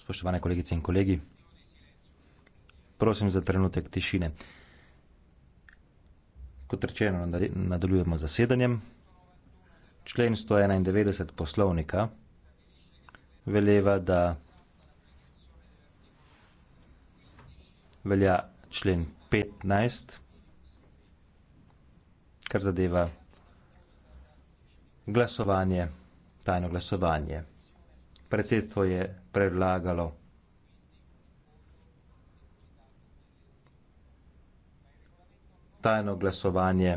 Spoštovane kolegice in kolegi, prosim za trenutek tišine. Kot rečeno, nadaljujemo z zasedanjem. Člen 191 poslovnika veleva, da velja člen 15, kar zadeva glasovanje, tajno glasovanje predsedstvo je predlagalo tajno glasovanje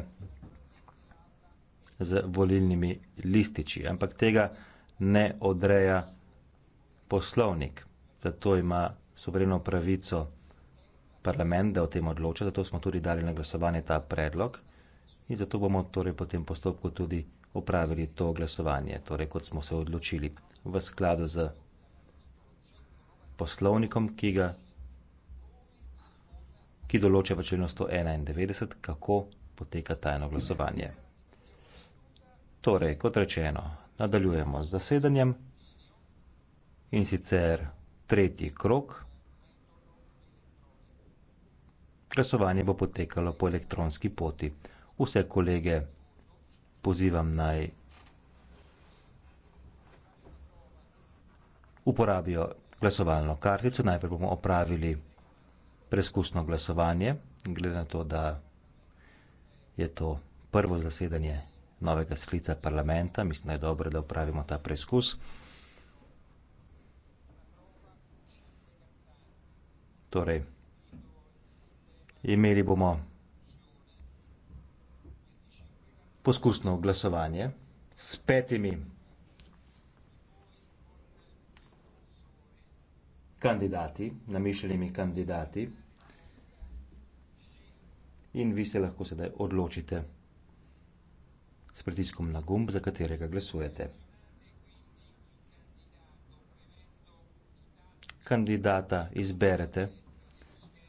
z volilnimi lističi, ampak tega ne odreja poslovnik, da to ima suvereno pravico parlament, da o tem odloča, zato smo tudi dali na glasovanje ta predlog in zato bomo torej po tem postopku tudi opravili to glasovanje, torej kot smo se odločili v skladu z poslovnikom, ki ga ki določa v členu 191, kako poteka tajno glasovanje. Torej, kot rečeno, nadaljujemo z zasedanjem in sicer tretji krok. Glasovanje bo potekalo po elektronski poti. Vse kolege pozivam naj uporabijo glasovalno kartico. Najprej bomo opravili preskusno glasovanje, glede na to, da je to prvo zasedanje novega sklica parlamenta. Mislim, da je dobro, da opravimo ta preskus. Torej, imeli bomo poskusno glasovanje s petimi kandidati, namišljenimi kandidati. In vi se lahko sedaj odločite s pritiskom na gumb, za katerega glasujete. Kandidata izberete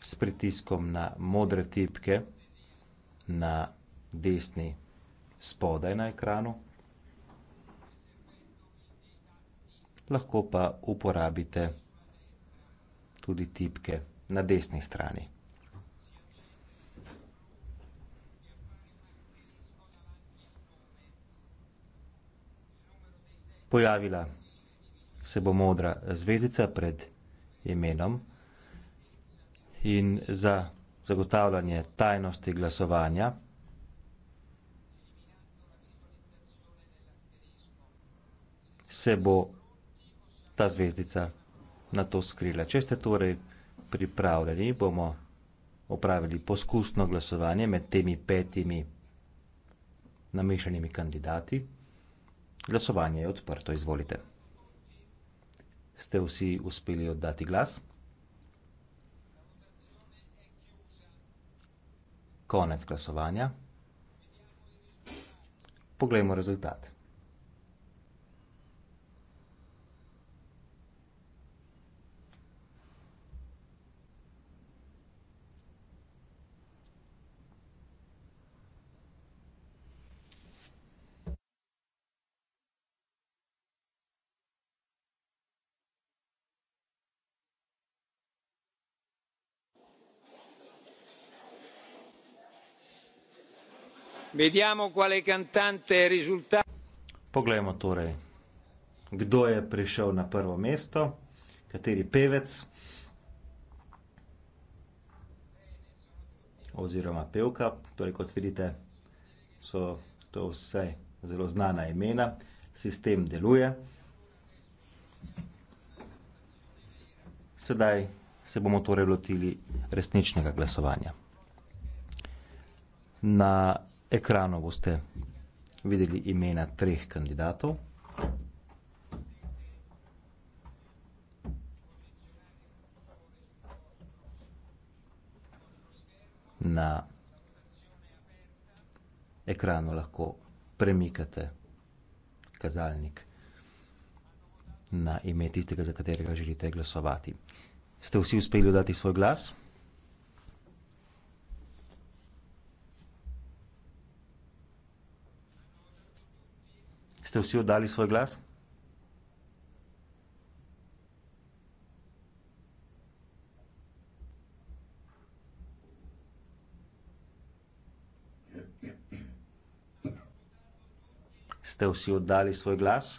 s pritiskom na modre tipke na desni spodaj na ekranu. Lahko pa uporabite tudi tipke na desni strani. Pojavila se bo modra zvezdica pred imenom in za zagotavljanje tajnosti glasovanja se bo ta zvezdica na to skrila. Če ste torej pripravljeni, bomo opravili poskusno glasovanje med temi petimi namišljenimi kandidati. Glasovanje je odprto, izvolite. Ste vsi uspeli oddati glas? Konec glasovanja. Poglejmo rezultat. E Poglejmo torej, kdo je prišel na prvo mesto, kateri pevec oziroma pevka. Torej, kot vidite, so to vse zelo znana imena, sistem deluje. Sedaj se bomo torej lotili resničnega glasovanja. Na ekranu boste videli imena treh kandidatov. Na ekranu lahko premikate kazalnik na ime tistega, za katerega želite glasovati. Ste vsi uspeli dodati svoj glas? ste vsi oddali svoj glas? Ste vsi oddali svoj glas?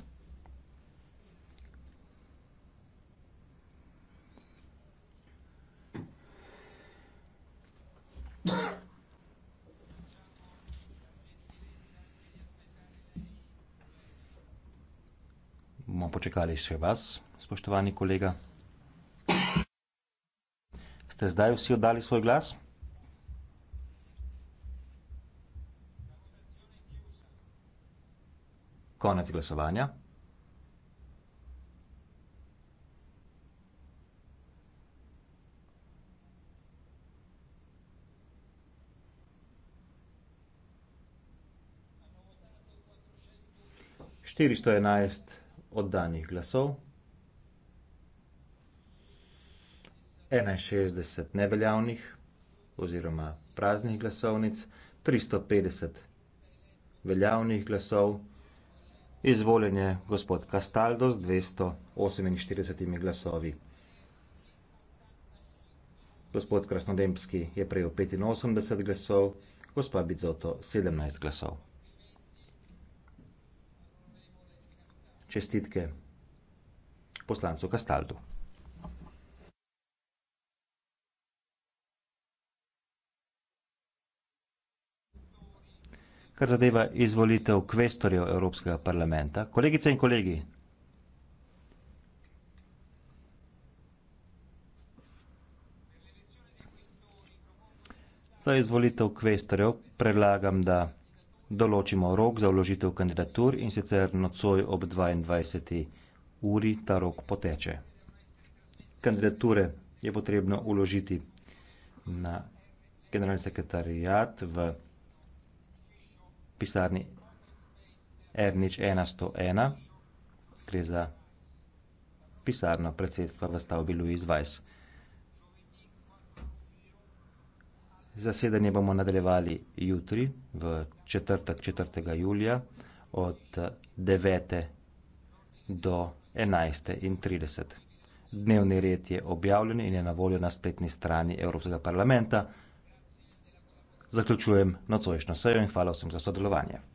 človeka ali še vas, spoštovani kolega? Ste zdaj vsi oddali svoj glas? Konec glasovanja. 411 oddanih glasov, 61 neveljavnih oziroma praznih glasovnic, 350 veljavnih glasov, izvoljen je gospod Kastaldo z 248 glasovi. Gospod Krasnodemski je prejel 85 glasov, gospa Bizoto 17 glasov. čestitke poslancu Kastaldu. Kar zadeva izvolitev kvestorjev Evropskega parlamenta, kolegice in kolegi, za izvolitev kvestorjev predlagam, da določimo rok za vložitev kandidatur in sicer nocoj ob 22.00 uri ta rok poteče kandidature je potrebno vložiti na generalni sekretariat v pisarni Ernič ena sto ena gre za pisarno predsedstva v stavbi Louis Weiss Zasedanje bomo nadaljevali jutri, v četrtek 4. julija, od 9. do 11.30. Dnevni red je objavljen in je na voljo na spletni strani Evropskega parlamenta. Zaključujem nocojšnjo sejo in hvala vsem za sodelovanje.